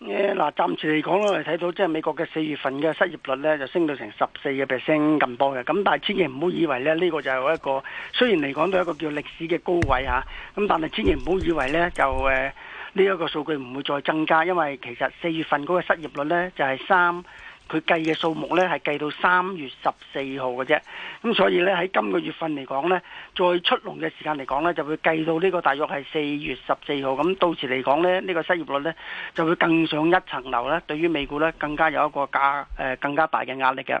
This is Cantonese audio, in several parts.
誒，嗱，暫時嚟講我哋睇到即係美國嘅四月份嘅失業率呢，就升到成十四個 percent 咁多嘅。咁但係千祈唔好以為咧，呢、呢個就係一個雖然嚟講都一個叫歷史嘅高位啊，咁但係千祈唔好以為呢就誒呢一個數據唔會再增加，因為其實四月份嗰個失業率呢，就係三。佢計嘅數目咧係計到三月十四號嘅啫，咁所以咧喺今個月份嚟講咧，再出籠嘅時間嚟講咧，就會計到呢個大約係四月十四號。咁到時嚟講咧，呢個失業率咧就會更上一層樓啦。對於美股咧，更加有一個加誒更加大嘅壓力嘅。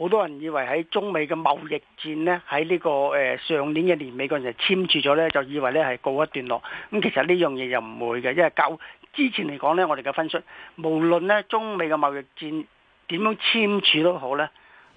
好多人以為喺中美嘅貿易戰呢，喺呢、這個誒、呃、上年嘅年尾嗰陣時簽署咗咧，就以為咧係告一段落。咁、嗯、其實呢樣嘢又唔會嘅，因為舊之前嚟講咧，我哋嘅分析，無論咧中美嘅貿易戰點樣簽署都好咧，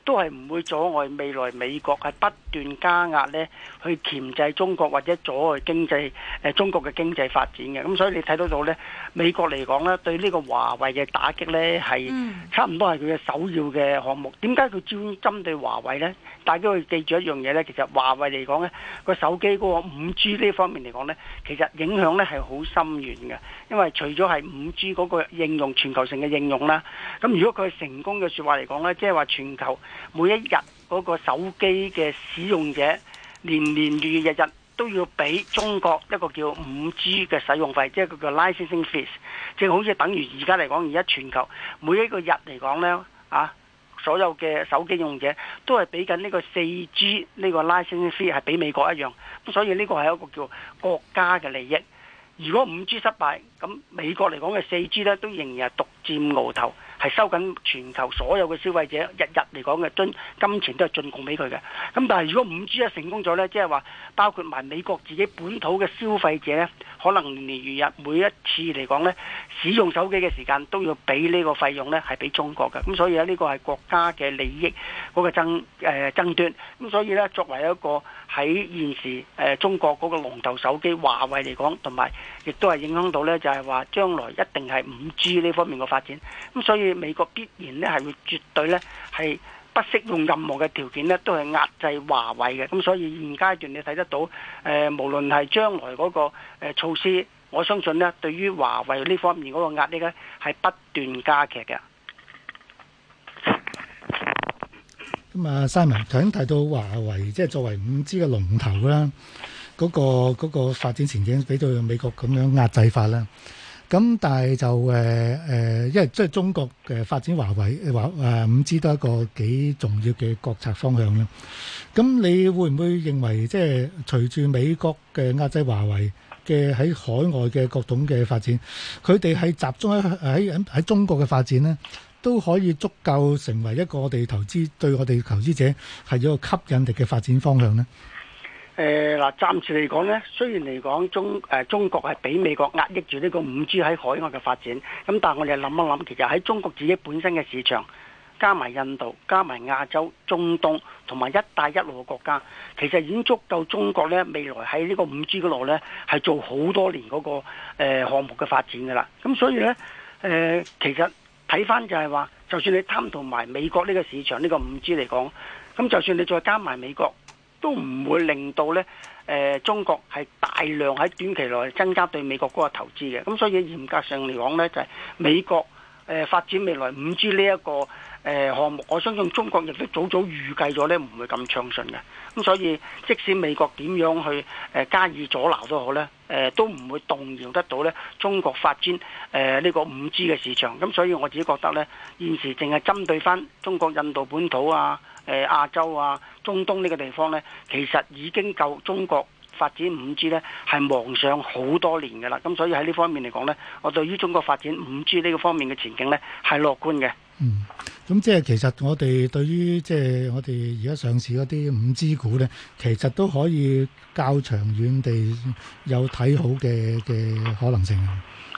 都係唔會阻礙未來美國係不斷加壓呢去鉗制中國或者阻礙經濟誒、呃、中國嘅經濟發展嘅。咁所以你睇得到呢，美國嚟講呢，對呢個華為嘅打擊呢，係差唔多係佢嘅首要嘅項目。點解佢專針對華為呢？大家要記住一樣嘢呢，其實華為嚟講呢，個手機嗰個五 G 呢方面嚟講呢，其實影響呢係好深遠嘅。因為除咗係五 G 嗰個應用，全球性嘅應用啦，咁如果佢係成功嘅説話嚟講呢，即係話全球。每一日嗰個手機嘅使用者，年年月月日日都要俾中國一個叫五 G 嘅使用費，即係一個叫 licensing fees，正好似等於而家嚟講，而家全球每一個日嚟講呢，啊，所有嘅手機用者都係俾緊呢個四 G 呢個 licensing fee 係俾美國一樣，咁所以呢個係一個叫國家嘅利益。如果五 G 失敗，咁美國嚟講嘅四 G 呢都仍然係獨佔鰲頭。係收緊全球所有嘅消費者，日日嚟講嘅金金錢都係進貢俾佢嘅。咁但係如果五 G 一成功咗呢，即係話包括埋美國自己本土嘅消費者咧，可能年年月日每一次嚟講呢，使用手機嘅時間都要俾呢個費用呢係俾中國嘅。咁所以呢個係國家嘅利益嗰、嗰個爭誒、呃、爭端。咁所以呢，作為一個。喺現時中國嗰個龍頭手機華為嚟講，同埋亦都係影響到呢，就係話將來一定係 5G 呢方面嘅發展。咁所以美國必然呢係會絕對呢係不適用任何嘅條件呢，都係壓制華為嘅。咁所以現階段你睇得到誒，無論係將來嗰個措施，我相信呢對於華為呢方面嗰個壓力呢，係不斷加劇嘅。咁啊，Simon 頭先提到華為，即係作為五 G 嘅龍頭啦，嗰、那個嗰、那個、發展前景俾到美國咁樣壓制法啦。咁但係就誒、呃、因為即係中國嘅發展，華為華誒五 G 都係一個幾重要嘅國策方向啦。咁你會唔會認為，即係隨住美國嘅壓制華為嘅喺海外嘅各種嘅發展，佢哋係集中喺喺喺中國嘅發展咧？都可以足夠成為一個我哋投資對我哋投資者係一個吸引力嘅發展方向呢誒，嗱、呃，暫時嚟講，呢雖然嚟講中誒、呃、中國係俾美國壓抑住呢個五 G 喺海外嘅發展，咁但係我哋諗一諗，其實喺中國自己本身嘅市場加埋印度、加埋亞洲、中東同埋一帶一路嘅國家，其實已經足夠中國呢未來喺呢個五 G 度呢，係做好多年嗰、嗰個誒、呃、項目嘅發展噶啦。咁所以呢誒、呃、其實。睇翻就係話，就算你貪圖埋美國呢個市場呢、呢個五 G 嚟講，咁就算你再加埋美國，都唔會令到呢、呃、中國係大量喺短期內增加對美國嗰個投資嘅。咁所以嚴格上嚟講呢，就係、是、美國誒、呃、發展未來五 G 呢一個。誒項目，我相信中國亦都早早預計咗呢，唔會咁暢順嘅。咁所以，即使美國點樣去誒加以阻撓都好呢，誒都唔會動搖得到呢中國發展誒呢個五 G 嘅市場。咁所以我自己覺得呢，現時淨係針對翻中國、印度本土啊、誒亞洲啊、中東呢個地方呢，其實已經夠中國發展五 G 呢係望上好多年嘅啦。咁所以喺呢方面嚟講呢，我對於中國發展五 G 呢個方面嘅前景呢，係樂觀嘅。嗯。咁即係其實我哋對於即係我哋而家上市嗰啲五 G 股咧，其實都可以較長遠地有睇好嘅嘅可能性。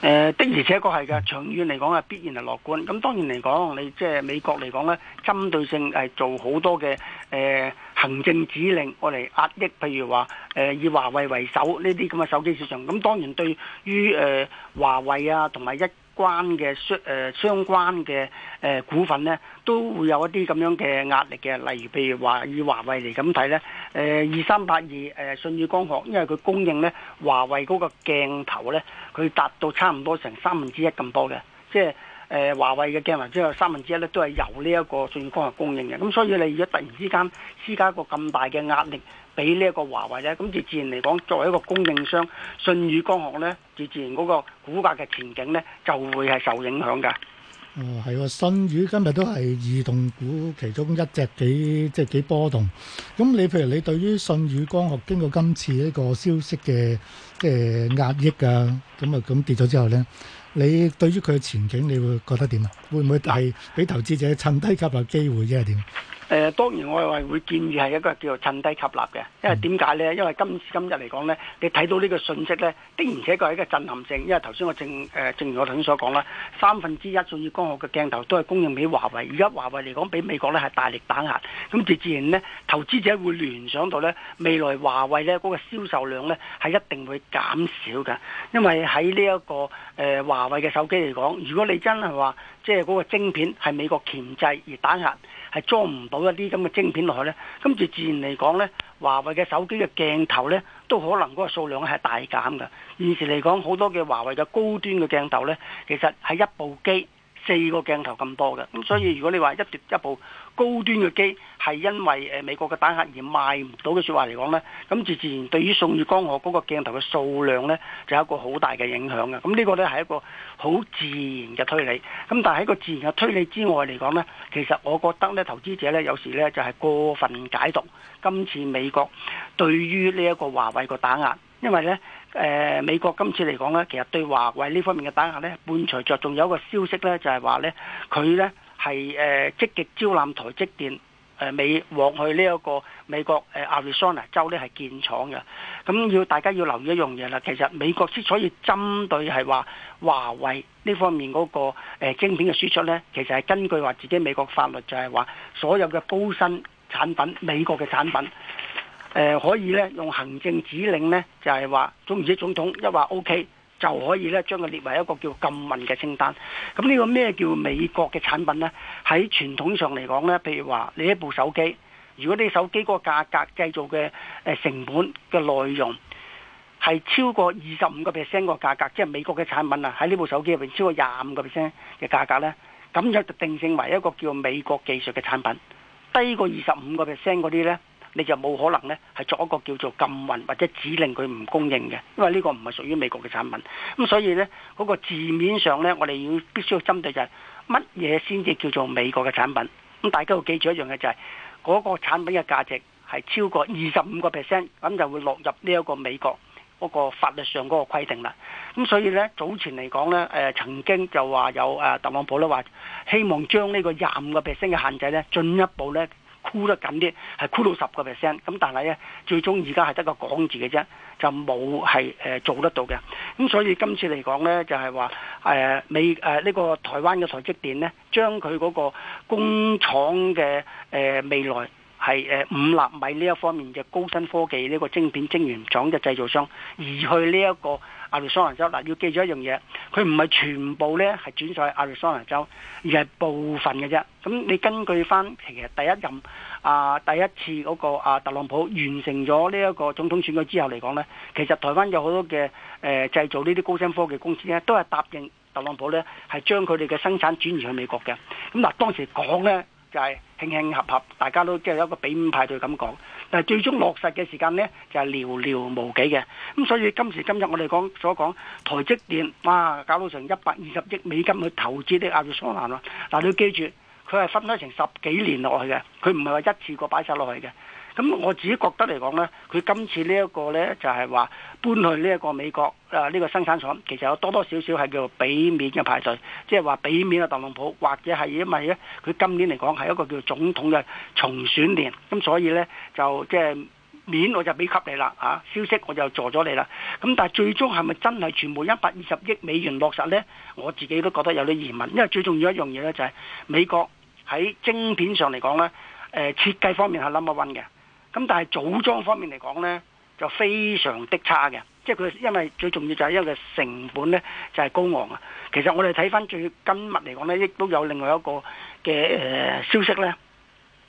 誒、呃、的而且確係㗎，長遠嚟講係必然係樂觀。咁當然嚟講，你即係美國嚟講咧，針對性係做好多嘅誒、呃、行政指令，我嚟壓抑，譬如話誒、呃、以華為為首呢啲咁嘅手機市場。咁當然對於誒華為啊，同埋一關嘅相誒相關嘅誒股份咧，都會有一啲咁樣嘅壓力嘅，例如譬如話以華為嚟咁睇呢，誒二三八二誒舜宇光學，因為佢供應呢華為嗰個鏡頭咧，佢達到差唔多成三分之一咁多嘅，即係。誒華為嘅鏡頭之後，三分之一咧都係由呢一個舜宇光學供應嘅，咁所以你如果突然之間施加一個咁大嘅壓力俾呢一個華為咧，咁就自然嚟講，作為一個供應商，舜宇光學咧，自自然嗰個股價嘅前景咧就會係受影響嘅。哦，係喎，舜宇今日都係異動股其中一隻，幾即係幾波動。咁你譬如你對於舜宇光學經過今次呢個消息嘅即係壓抑啊，咁啊咁跌咗之後咧，你對於佢嘅前景，你會覺得點啊？會唔會係俾投資者趁低吸入機會，是怎樣，即係點？誒、呃、當然，我係會建議係一個叫做趁低吸納嘅，因為點解呢？因為今時今日嚟講呢，你睇到呢個信息呢，的而且確係一個震撼性，因為頭先我正誒正如我頭先所講啦，三分之一舜宇光學嘅鏡頭都係供應俾華為，而家華為嚟講，俾美國呢係大力打壓，咁自然呢，投資者會聯想到呢，未來華為呢嗰、那個銷售量呢係一定會減少嘅，因為喺呢一個誒華、呃、為嘅手機嚟講，如果你真係話即係嗰個晶片係美國鉗制而打壓。係裝唔到一啲咁嘅晶片落去咧，跟住自然嚟講咧，華為嘅手機嘅鏡頭咧，都可能嗰個數量係大減噶。現時嚟講，好多嘅華為嘅高端嘅鏡頭咧，其實係一部機，四個鏡頭咁多嘅，咁所以如果你話一奪一部高端嘅機係因為誒美國嘅打壓而賣唔到嘅說話嚟講呢，咁自自然對於宋宇江河嗰個鏡頭嘅數量呢，就有一個好大嘅影響嘅。咁呢個呢係一個好自然嘅推理。咁但係喺個自然嘅推理之外嚟講呢，其實我覺得呢投資者呢，有時呢就係過分解讀今次美國對於呢一個華為個打壓，因為呢。誒、呃、美國今次嚟講呢，其實對華為呢方面嘅打壓呢，伴隨着仲有一個消息呢，就係、是、話呢，佢呢係誒、呃、積極招攬台積電誒、呃、美往去呢一個美國誒、呃、亞利桑那州呢係建廠嘅。咁要大家要留意一樣嘢啦，其實美國之所以針對係話華為呢方面嗰、那個誒、呃、晶片嘅輸出呢，其實係根據話自己美國法律就是說，就係話所有嘅高新產品美國嘅產品。誒、呃、可以咧用行政指令咧，就係話總言之，總統一話 O K，就可以咧將佢列為一個叫禁運嘅清單。咁呢個咩叫美國嘅產品呢？喺傳統上嚟講呢，譬如話你一部手機，如果你手機嗰個價格製造嘅成本嘅內容係超過二十五個 percent 個價格，即係美國嘅產品啊，喺呢部手機入邊超過廿五個 percent 嘅價格呢。咁就定性為一個叫美國技術嘅產品。低過二十五個 percent 嗰啲呢。你就冇可能呢，係做一個叫做禁運或者指令佢唔供應嘅，因為呢個唔係屬於美國嘅產品。咁所以呢，嗰個字面上呢，我哋要必須要針對就係乜嘢先至叫做美國嘅產品。咁大家要記住一樣嘅就係嗰個產品嘅價值係超過二十五個 percent，咁就會落入呢一個美國嗰個法律上嗰個規定啦。咁所以呢，早前嚟講呢，誒曾經就話有誒特朗普呢話希望將呢個廿五個 percent 嘅限制呢進一步呢。箍得緊啲，係箍到十個 percent，咁但係咧，最終而家係得個講字嘅啫，就冇係誒做得到嘅。咁所以今次嚟講咧，就係話誒美誒呢個台灣嘅台積電咧，將佢嗰個工廠嘅誒未來係誒五納米呢一方面嘅高新科技呢個晶片晶圓廠嘅製造商移去呢、這、一個。亞利桑那州嗱，要記住一樣嘢，佢唔係全部咧，係轉曬亞利桑那州，而係部分嘅啫。咁你根據翻其實第一任啊，第一次嗰、那個啊特朗普完成咗呢一個總統選舉之後嚟講咧，其實台灣有好多嘅誒、呃、製造呢啲高新科技公司咧，都係答應特朗普咧，係將佢哋嘅生產轉移去美國嘅。咁嗱，當時講咧。就係慶慶合合，大家都即係有一個比五派對咁講，但係最終落實嘅時間呢，就係寥寥無幾嘅。咁所以今時今日我哋講所講台積電，哇，搞到成一百二十億美金去投資啲亞利桑那啦。嗱，你要記住，佢係分開成十幾年落去嘅，佢唔係話一次過擺晒落去嘅。咁我自己覺得嚟講呢，佢今次呢一個呢，就係、是、話搬去呢一個美國呢、啊呢個生產廠，其實有多多少少係叫俾面嘅排隊，即係話俾面嘅特朗普，或者係因為呢佢今年嚟講係一個叫做總統嘅重選年，咁所以呢，就即係面我就俾給，給你啦、啊、消息我就助咗你啦。咁但係最終係咪真係全部一百二十億美元落實呢？我自己都覺得有啲疑問，因為最重要一樣嘢呢，就係美國喺晶片上嚟講呢，設計方面係 number one 嘅。咁但係組裝方面嚟講呢，就非常的差嘅，即係佢因為最重要就係因為佢成本呢，就係、是、高昂啊。其實我哋睇返最今日嚟講呢，亦都有另外一個嘅、呃、消息呢，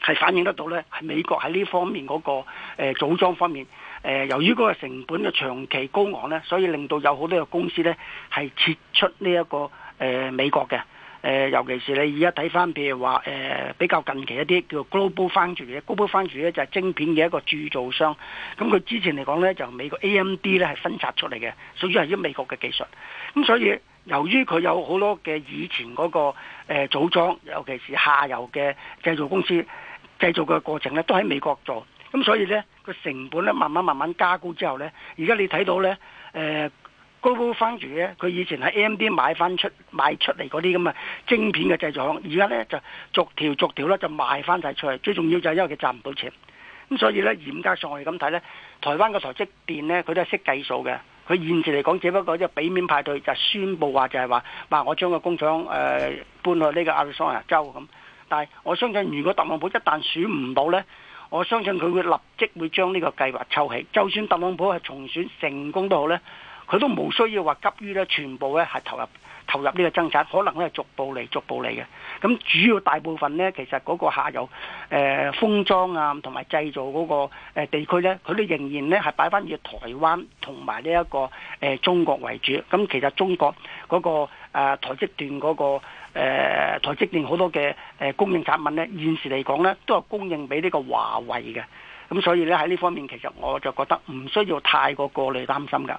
係反映得到呢，係美國喺呢方面嗰、那個、呃、組裝方面、呃、由於嗰個成本嘅長期高昂呢，所以令到有好多嘅公司呢，係撤出呢、這、一個、呃、美國嘅。呃、尤其是你而家睇翻，譬如話比較近期一啲叫做 Global Foundry 嘅，Global Foundry 咧就係晶片嘅一個製造商。咁佢之前嚟講呢，就美國 AMD 呢係分拆出嚟嘅，屬於係一美國嘅技術。咁所以由於佢有好多嘅以前嗰、嗰個、呃、組裝，尤其是下游嘅製造公司製造嘅過程呢，都喺美國做。咁所以呢，個成本呢，慢慢慢慢加高之後呢，而家你睇到呢。呃煲煲翻住咧，佢以前喺 AMD 買翻出賣出嚟嗰啲咁嘅晶片嘅製作，而家呢就逐條逐條咧就賣翻晒出嚟。最重要就係因為佢賺唔到錢，咁所以呢嚴格上我哋咁睇呢，台灣個台積電呢，佢都係識計數嘅。佢現時嚟講只不過即係俾面派對，就係、宣佈話就係話話我將個工廠誒、呃、搬去呢個亞利桑那州咁。但係我相信，如果特朗普一旦選唔到呢，我相信佢會立即會將呢個計劃抽起，就算特朗普係重選成功都好呢。佢都冇需要話急於咧，全部咧係投入投入呢個增產，可能咧係逐步嚟，逐步嚟嘅。咁主要大部分呢，其實嗰個下游誒、呃、封裝啊，同埋製造嗰個地區呢，佢都仍然呢係擺翻以台灣同埋呢一個、呃、中國為主。咁其實中國嗰、那個、呃、台積電嗰、那個、呃、台積電好多嘅供應產品呢，現時嚟講呢，都係供應俾呢個華為嘅。咁所以咧喺呢方面，其實我就覺得唔需要太過過慮擔心㗎。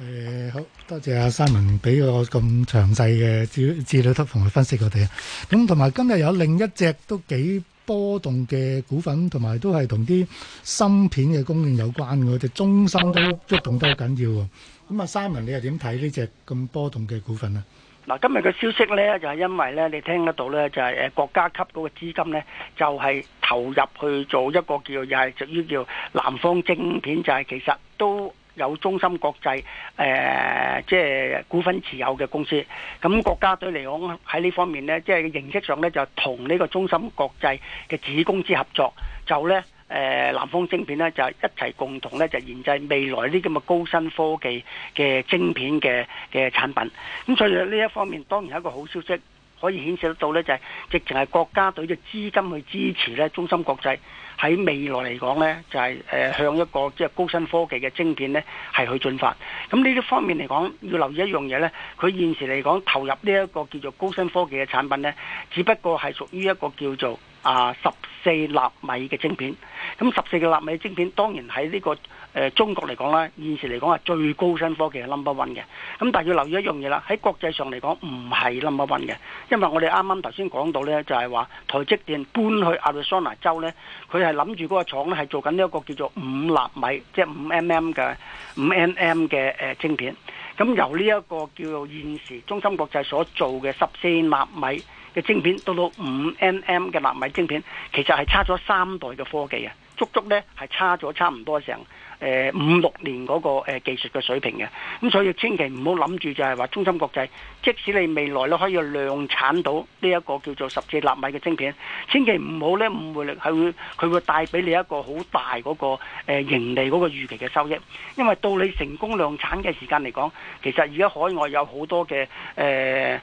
誒，好多謝阿 Simon 俾我咁詳細嘅資料資料，同埋分析我哋啊。咁同埋今日有另一隻都幾波動嘅股份，同埋都係同啲芯片嘅供應有關嘅，隻中芯都觸動得好緊要喎。咁啊，Simon 你又點睇呢隻咁波動嘅股份啊？嗱，今日嘅消息咧就係因為咧，你聽得到咧，就係誒國家級嗰個資金咧，就係投入去做一個叫又係屬於叫南方晶片，就係其實都。有中芯國際誒，即、呃、係、就是、股份持有嘅公司。咁國家隊嚟講喺呢方面呢，即、就、係、是、形式上呢，就同呢個中芯國際嘅子公司合作，就呢，誒南方晶片呢，就一齊共同呢，就研製未來呢啲咁嘅高新科技嘅晶片嘅嘅產品。咁所以呢一方面當然係一個好消息。可以顯示得到呢，就係直情係國家隊嘅資金去支持呢，中芯國際喺未來嚟講呢，就係誒向一個即係高新科技嘅晶片呢係去進發。咁呢啲方面嚟講，要留意一樣嘢呢，佢現時嚟講投入呢一個叫做高新科技嘅產品呢，只不過係屬於一個叫做。啊！十四納米嘅晶片，咁十四嘅納米嘅晶片當然喺呢、這個誒、呃、中國嚟講啦。現時嚟講係最高新科技嘅 number one 嘅。咁但係要留意一樣嘢啦，喺國際上嚟講唔係 number one 嘅，因為我哋啱啱頭先講到呢，就係、是、話台積電搬去亞利桑那州呢。佢係諗住嗰個廠係做緊呢一個叫做五納米，即、就、係、是、五 mm 嘅五 mm 嘅誒晶片。咁由呢一個叫做現時中芯國際所做嘅十四納米。嘅晶片到到五 nm 嘅納米晶片，其實係差咗三代嘅科技啊！足足咧係差咗差唔多成誒五六年嗰、那個、呃、技術嘅水平嘅。咁所以千祈唔好諗住就係話中芯國際，即使你未來咧可以量產到呢一個叫做十四納米嘅晶片，千祈唔好咧誤會，力會，你係會佢會帶俾你一個好大嗰、那個、呃、盈利嗰個預期嘅收益。因為到你成功量產嘅時間嚟講，其實而家海外有好多嘅誒。呃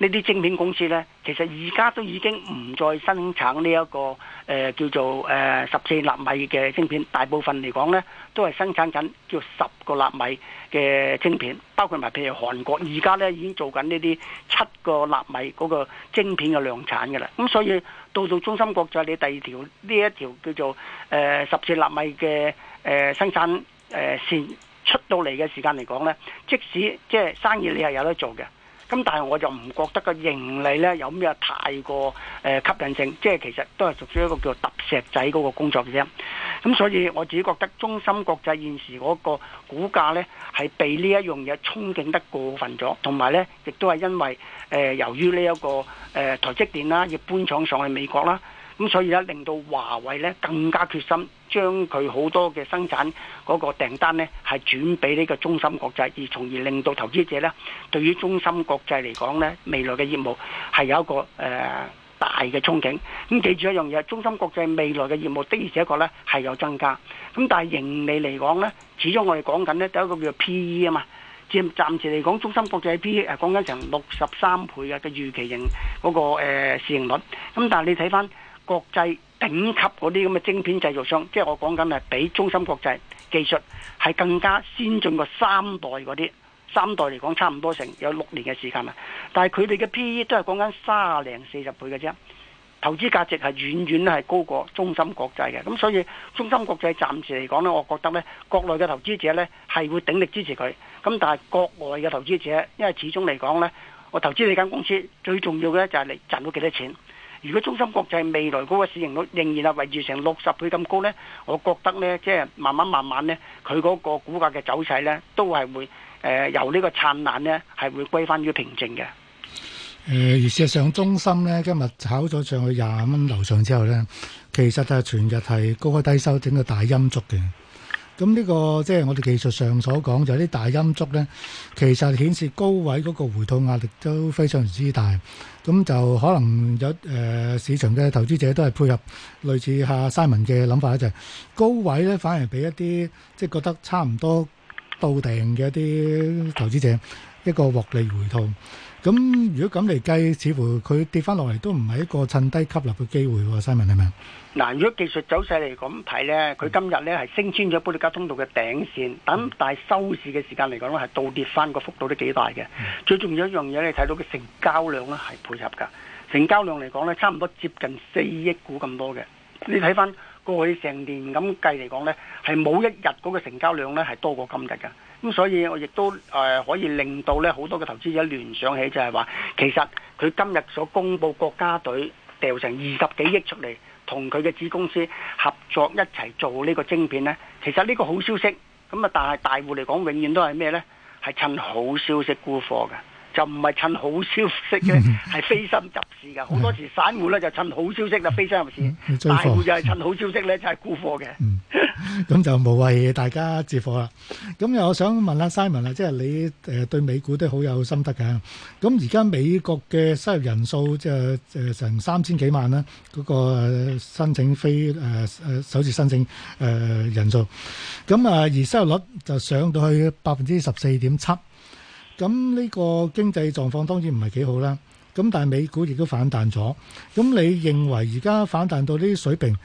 呢啲晶片公司咧，其實而家都已經唔再生產呢、這、一個誒、呃、叫做誒、呃、十四納米嘅晶片，大部分嚟講咧都係生產緊叫十個納米嘅晶片，包括埋譬如韓國而家咧已經做緊呢啲七個納米嗰個晶片嘅量產嘅啦。咁所以到到中芯國際你第二條呢一條叫做誒、呃、十四納米嘅誒、呃、生產誒線出到嚟嘅時間嚟講咧，即使即係生意你係有得做嘅。咁但係我就唔覺得個盈利呢有咩太過吸引性，即係其實都係屬於一個叫揼石仔嗰個工作嘅啫。咁所以我自己覺得中芯國際現時嗰個股價呢係被呢一樣嘢憧憬得過分咗，同埋呢亦都係因為由於呢一個誒台積電啦要搬廠上去美國啦。咁所以咧，令到華為咧更加決心將佢好多嘅生產嗰個訂單咧，係轉俾呢個中芯國際，而從而令到投資者呢對於中芯國際嚟講呢未來嘅業務係有一個誒、呃、大嘅憧憬。咁記住一樣嘢，中芯國際未來嘅業務的而且確呢係有增加。咁但係盈利嚟講呢，始終我哋講緊呢，有一個叫做 P E 啊嘛。暫暫時嚟講，中芯國際 P E 誒講緊成六十三倍嘅嘅預期型嗰、嗰個市盈、呃、率。咁但係你睇翻。國際頂級嗰啲咁嘅晶片製造商，即係我講緊係比中芯國際技術係更加先進過三代嗰啲，三代嚟講差唔多成有六年嘅時間啦。但係佢哋嘅 PE 都係講緊三零四十倍嘅啫，投資價值係遠遠係高過中芯國際嘅。咁所以中芯國際暫時嚟講呢，我覺得呢國內嘅投資者呢係會鼎力支持佢。咁但係國外嘅投資者，因為始終嚟講呢，我投資你間公司最重要嘅呢就係你賺到幾多錢。如果中心國際未來嗰個市盈率仍然係維持成六十倍咁高呢，我覺得呢，即係慢慢慢慢呢，佢嗰個股價嘅走勢呢，都係會誒由呢個燦爛呢，係會歸翻於平靜嘅。誒，而事實上，中心呢今日炒咗上去廿蚊樓上之後呢，其實係全日係高開低收，整個大陰燭嘅。咁呢個即係我哋技術上所講，就啲大陰燭咧，其實顯示高位嗰個回吐壓力都非常之大。咁就可能有誒市場嘅投資者都係配合類似下 Simon 嘅諗法，就係高位咧反而俾一啲即係覺得差唔多到頂嘅一啲投資者一個獲利回吐。咁如果咁嚟計，似乎佢跌翻落嚟都唔係一個趁低吸納嘅機會喎，Simon 係咪？嗱，如果技術走勢嚟講睇咧，佢今日咧係升穿咗保力加通道嘅頂線，等但係收市嘅時間嚟講咧，係倒跌翻個幅度都幾大嘅。嗯。最重要一樣嘢你睇到嘅成交量咧係配合㗎，成交量嚟講咧差唔多接近四億股咁多嘅。你睇翻過去成年咁計嚟講呢係冇一日嗰個成交量呢係多過今日噶。咁所以，我亦都誒可以令到呢好多嘅投資者聯想起就係話，其實佢今日所公布國家隊掉成二十幾億出嚟，同佢嘅子公司合作一齊做呢個晶片呢。其實呢個好消息，咁啊，但係大戶嚟講，永遠都係咩呢？係趁好消息沽貨嘅。就唔係趁好消息啫，係飛身入市嘅。好多時散戶咧就趁好消息就飛身入市，大戶就係趁好消息咧就係沽貨嘅。嗯，咁就無謂大家接貨啦。咁又我想問下 Simon 啦，即係你誒對美股都好有心得嘅。咁而家美國嘅收入人數即係誒成三千幾萬啦，嗰個申請非誒誒首次申請誒人數。咁啊，而失業率就上到去百分之十四點七。咁呢個經濟狀況當然唔係幾好啦，咁但係美股亦都反彈咗。咁你認為而家反彈到呢啲水平？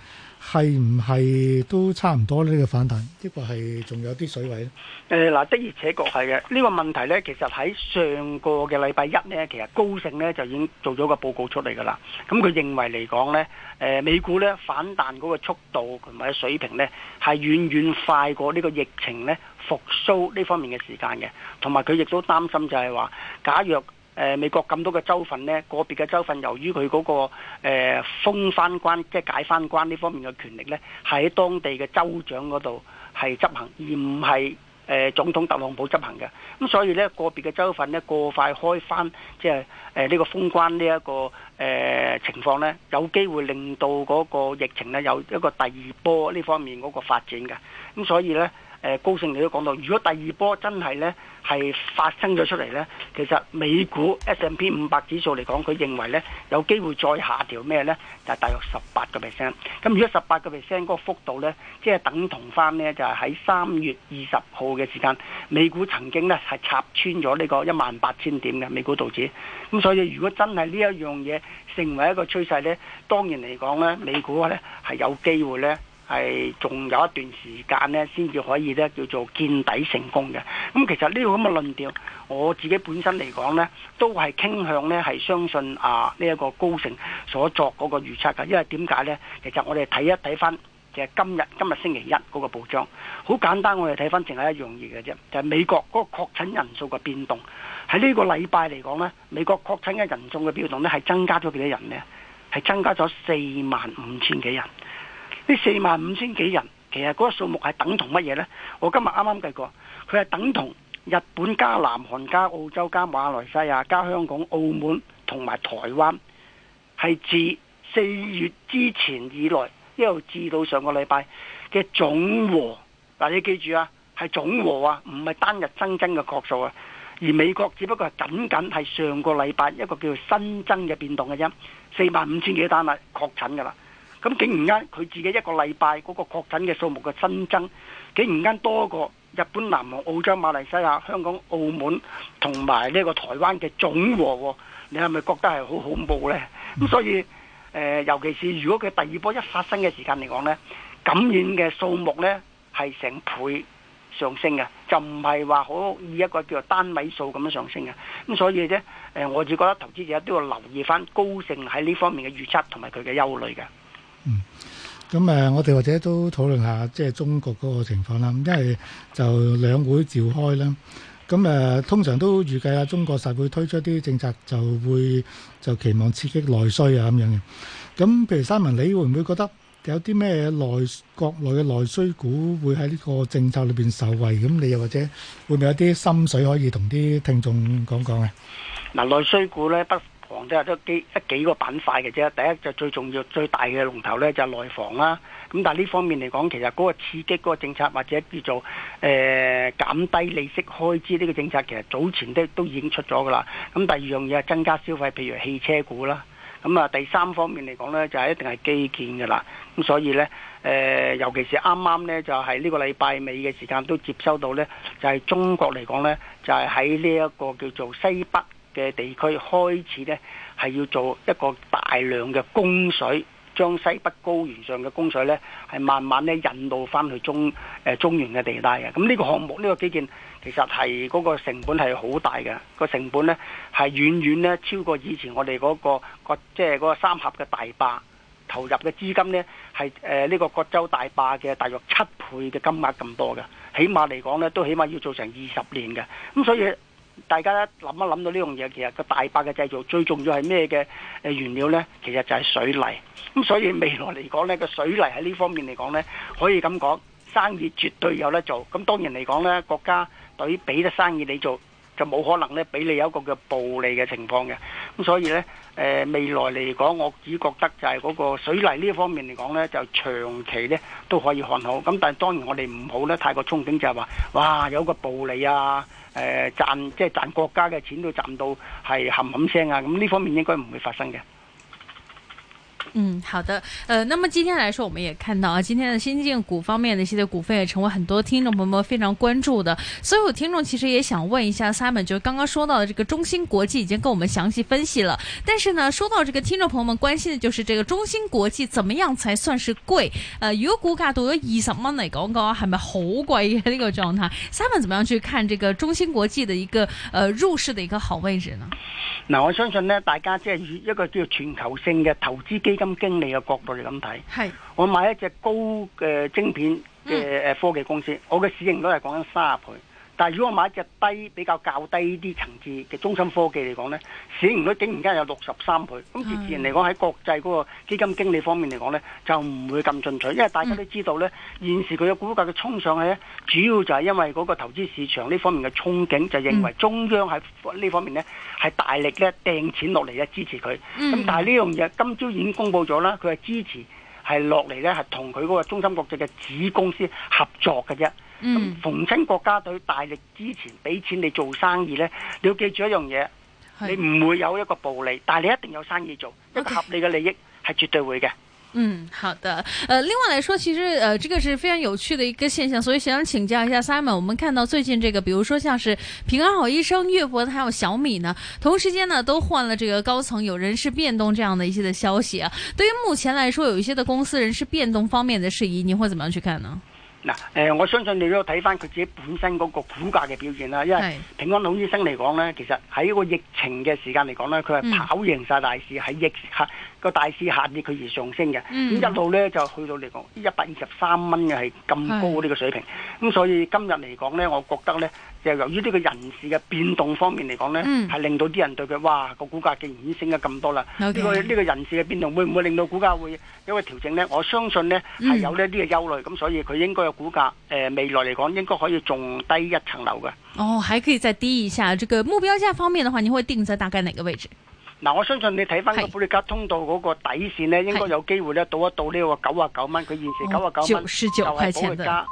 係唔係都差唔多？呢個反彈呢個係仲有啲水位呢？誒，嗱，的而且確係嘅呢個問題咧，其實喺上個嘅禮拜一呢，其實高盛呢就已經做咗個報告出嚟噶啦。咁佢認為嚟講呢，誒，美股呢反彈嗰個速度同埋水平呢，係遠遠快過呢個疫情呢復蘇呢方面嘅時間嘅。同埋佢亦都擔心就係話，假若誒、呃、美國咁多個州份呢，個別嘅州份由於佢嗰、那個、呃、封翻關，即係解翻關呢方面嘅權力呢，喺當地嘅州長嗰度係執行，而唔係誒總統特朗普執行嘅。咁所以呢，個別嘅州份呢，過快開翻，即係誒呢個封關呢、這、一個誒、呃、情況呢，有機會令到嗰個疫情呢，有一個第二波呢方面嗰個發展嘅。咁所以呢。誒高盛你都講到，如果第二波真係呢，係發生咗出嚟呢。其實美股 S&P 五百指數嚟講，佢認為呢，有機會再下調咩呢？就係大約十八個 percent。咁如果十八個 percent 嗰個幅度呢，即係等同翻呢就係喺三月二十號嘅時間，美股曾經呢，係插穿咗呢個一萬八千點嘅美股道指。咁所以如果真係呢一樣嘢成為一個趨勢呢，當然嚟講呢，美股呢，係有機會呢。係仲有一段時間呢先至可以呢叫做見底成功嘅。咁其實呢個咁嘅論調，我自己本身嚟講呢，都係傾向呢係相信啊呢一個高盛所作嗰個預測嘅。因為點解呢？其實我哋睇一睇翻，其實今日今日星期一嗰個報章，好簡單，我哋睇翻淨係一樣嘢嘅啫，就係美國嗰個確診人數嘅變動。喺呢個禮拜嚟講呢，美國確診嘅人數嘅變動呢，係增加咗幾多人呢？係增加咗四萬五千幾人。呢四萬五千幾人，其實嗰個數目係等同乜嘢呢？我今日啱啱計過，佢係等同日本加南韓加澳洲加馬來西亞加香港澳門同埋台灣，係自四月之前以來一路至到上個禮拜嘅總和。嗱，你記住啊，係總和啊，唔係單日增增嘅確數啊。而美國只不過係僅僅係上個禮拜一個叫做新增嘅變動嘅啫，四萬五千幾單啊，確診噶啦。咁竟然間佢自己一個禮拜嗰個確診嘅數目嘅新增，竟然間多過日本、南韓、澳洲、馬來西亞、香港、澳門同埋呢個台灣嘅總和喎，你係咪覺得係好恐怖呢？咁所以、呃、尤其是如果佢第二波一發生嘅時間嚟講呢，感染嘅數目呢係成倍上升嘅，就唔係話好似一個叫做單位數咁樣上升嘅。咁所以呢，誒，我就覺得投資者都要留意翻高盛喺呢方面嘅預測同埋佢嘅憂慮嘅。嗯，咁誒，我哋或者都討論下即係中國嗰個情況啦。咁因為就兩會召開啦，咁誒通常都預計啊，中國實會推出啲政策，就會就期望刺激內需啊咁樣嘅。咁譬如三文，你會唔會覺得有啲咩內國內嘅內需股會喺呢個政策裏邊受惠？咁你又或者會唔會有啲心水可以同啲聽眾講講啊？嗱，內需股咧不。房都係都幾幾個板塊嘅啫，第一就最重要最大嘅龍頭咧就係、是、內房啦。咁但係呢方面嚟講，其實嗰個刺激嗰個政策或者叫做誒、呃、減低利息開支呢個政策，其實早前都都已經出咗噶啦。咁第二樣嘢係增加消費，譬如汽車股啦。咁啊第三方面嚟講咧，就係一定係基建噶啦。咁所以咧誒、呃，尤其是啱啱咧就係、是、呢個禮拜尾嘅時間都接收到咧，就係、是、中國嚟講咧，就係喺呢一個叫做西北。嘅地區開始呢係要做一個大量嘅供水，將西北高原上嘅供水呢係慢慢呢引到翻去中誒、呃、中原嘅地帶嘅。咁呢個項目呢個基建其實係嗰個成本係好大嘅，個成本呢係遠遠呢超過以前我哋嗰個個即係嗰個三峽嘅大壩投入嘅資金呢係誒呢個葛洲大壩嘅大約七倍嘅金額咁多嘅，起碼嚟講呢都起碼要做成二十年嘅，咁所以。大家想一諗一諗到呢樣嘢，其實個大壩嘅製造最重要係咩嘅？誒，原料呢？其實就係水泥。咁所以未來嚟講呢，個水泥喺呢方面嚟講呢，可以咁講，生意絕對有得做。咁當然嚟講呢，國家對於俾得生意你做，就冇可能咧俾你有一個叫暴利嘅情況嘅。咁所以呢，誒、呃、未來嚟講，我只覺得就係嗰個水泥呢方面嚟講呢，就長期呢都可以看好。咁但係當然我哋唔好呢，太過憧憬就是，就係話哇有一個暴利啊！誒，賺即係、就是、賺國家嘅錢都賺到係冚冚聲啊。咁呢方面應該唔會發生嘅。嗯，好的，呃，那麼今天來說，我們也看到啊，今天的新進股方面的一些股份也成為很多聽眾朋友們非常關注的。所有聽眾其實也想問一下 Simon，就剛剛說到的這個中芯國際已經跟我們詳細分析了，但是呢，說到這個聽眾朋友們關心的，就是這個中芯國際怎麼樣才算是貴？呃，有股價都有二十蚊嚟講個，係咪好貴嘅呢個狀態？Simon，怎麼樣去看這個中芯國際的一個，呃，入市的一個好位置呢？那我相信呢，大家即係一個叫全球性嘅投資基金。基金經理嘅角度嚟咁睇，我買一隻高嘅晶片嘅科技公司，我嘅市盈率係講緊三十倍。但如果我買一隻低比較較低啲層次嘅中芯科技嚟講呢，市盈率竟然而家有六十三倍。咁自然嚟講喺國際嗰個基金經理方面嚟講呢就唔會咁進取，因為大家都知道呢現時佢嘅股價嘅衝上去呢，呢主要就係因為嗰個投資市場呢方面嘅憧憬，就認為中央喺呢方面呢係大力呢掟錢落嚟咧支持佢。咁但係呢樣嘢今朝已經公布咗啦，佢話支持係落嚟呢係同佢嗰個中芯國際嘅子公司合作嘅啫。咁逢親國家隊大力支持，俾錢你做生意呢，你要記住一樣嘢，你唔會有一個暴利，但係你一定有生意做，一、嗯、個合理嘅利益係絕對會嘅。嗯，好的。誒、呃，另外來說，其實誒、呃，這個是非常有趣的一個現象，所以想請教一下 Simon，我們看到最近這個，比如說像是平安好醫生、岳博還有小米呢，同時間呢都換了這個高層，有人事變動這樣的一些的消息啊。對於目前來說，有一些的公司人事變動方面的事宜，你會怎麼樣去看呢？嗱、呃，我相信你都睇翻佢自己本身嗰個股價嘅表現啦，因為平安好醫生嚟講咧，其實喺個疫情嘅時間嚟講咧，佢係跑贏晒大市喺疫下。嗯個大市下跌，佢而上升嘅，咁、嗯、一路咧就去到嚟講一百二十三蚊嘅係咁高呢個水平，咁、嗯、所以今日嚟講咧，我覺得咧就由於呢個人事嘅變動方面嚟講咧，係、嗯、令到啲人對佢哇、這個股價竟然已經升咗咁多啦。呢個呢個人事嘅變動會唔會令到股價會因為調整咧？我相信咧係有呢啲嘅憂慮，咁、嗯嗯、所以佢應該個股價誒、呃、未來嚟講應該可以仲低一層樓嘅。哦，仲可以再低一下。這個目標價方面嘅話，您會定在大概哪個位置？嗱，我相信你睇翻個保利加通道個底線咧，應該有機會咧到得到呢個九啊九蚊。佢現時九啊九蚊，就係保利加。